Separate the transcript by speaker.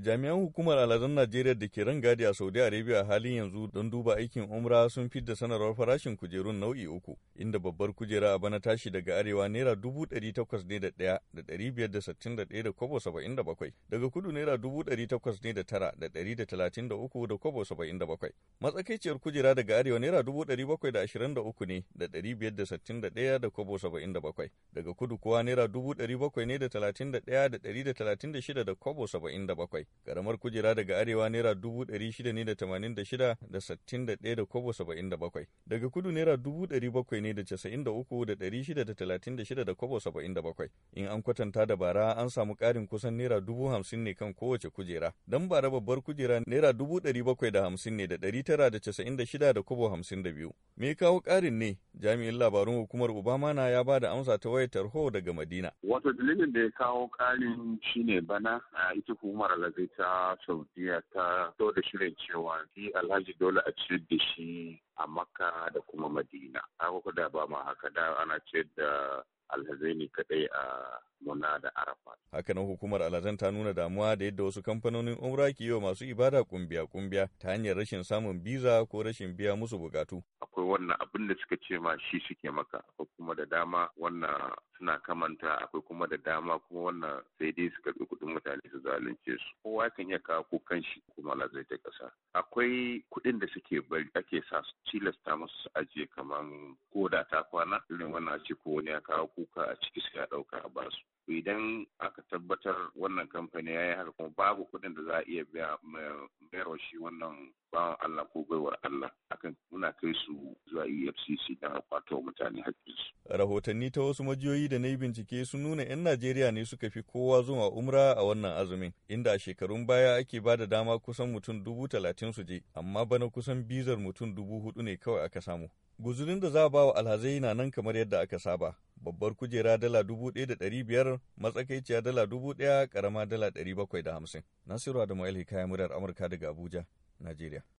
Speaker 1: Jami'an hukumar aladun Najeriya da ke rangadi a Saudi Arabia halin yanzu don duba aikin umra sun fidda sanarwar farashin kujerun nau'i uku, inda babbar kujera a bana tashi daga arewa naira dubu ɗari takwas ne da ɗaya da ɗari biyar da sittin da ɗaya da kobo saba'in da bakwai, daga kudu naira dubu ɗari takwas ne da tara da ɗari da talatin da uku da kobo saba'in da bakwai. Matsakaiciyar kujera daga arewa naira dubu ɗari bakwai da ashirin da uku ne da ɗari biyar da sittin da ɗaya da kobo saba'in da bakwai, daga kudu kuwa naira dubu dari bakwai ne da talatin da daya da dari da talatin da shida da kobo saba'in da bakwai. karamar kujera daga arewa naira dubu ɗari shida ne da tamanin da shida da sittin da ɗaya da kobo saba'in da bakwai daga kudu naira dubu ɗari bakwai ne da casa'in da uku da ɗari shida da talatin da shida da kobo saba'in da bakwai in an kwatanta da bara an samu ƙarin kusan naira dubu hamsin ne kan kowace kujera dan bara babbar kujera naira dubu ɗari bakwai da hamsin ne da ɗari tara da casa'in da shida da kobo hamsin da biyu me kawo ƙarin ne Jami'in labarun hukumar Obama na ya ba da amsa ta wayar tarho daga Madina.
Speaker 2: Wato dalilin da ya kawo ƙarin shine bana a ita hukumar alhaji ta Saudiya ta to da shirin cewa fi alhaji dole a ciyar da shi a Makka da kuma Madina. Haka da ba ma haka da ana ciyar da alhazai ne kaɗai a muna da
Speaker 1: arafat. Hakanan hukumar alhazan ta nuna damuwa da yadda wasu kamfanonin umra ke yi wa masu ibada kumbiya kumbiya ta hanyar rashin samun biza ko rashin biya musu bukatu.
Speaker 2: Akwai wannan abin da suka ce ma shi suke maka, akwai kuma da dama wannan suna kamanta akwai kuma da dama kuma wannan sai dai su karɓi kuɗin mutane su zalunce su kowa kan iya kawo kukan shi kuma lazai ta ƙasa akwai kuɗin da suke bari ake sa su tilasta musu su ajiye kamar ko da ta kwana irin wannan ce ko wani ya kawo kuka a ciki suka ɗauka a basu idan aka tabbatar wannan kamfani ya yi haka kuma babu kuɗin da za a iya biya mayarwa shi wannan bawan Allah ko baiwar Allah akan muna kai su zuwa EFCC don kwato mutane haƙƙinsu.
Speaker 1: Rahotanni ta wasu majiyoyi da na yi bincike sun nuna 'yan Najeriya ne suka fi kowa zuwa umra a wannan azumin inda a shekarun baya ake ba da dama kusan mutum dubu talatin su je amma bana kusan bizar mutum dubu hudu ne kawai aka samu. Guzurin da za a ba wa alhazai na nan kamar yadda aka saba babbar kujera dala dubu ɗaya da ɗari biyar matsakaiciya dala dubu ɗaya ƙarama dala ɗari bakwai da hamsin nasiru adamu alhikaya muryar amurka daga abuja najeriya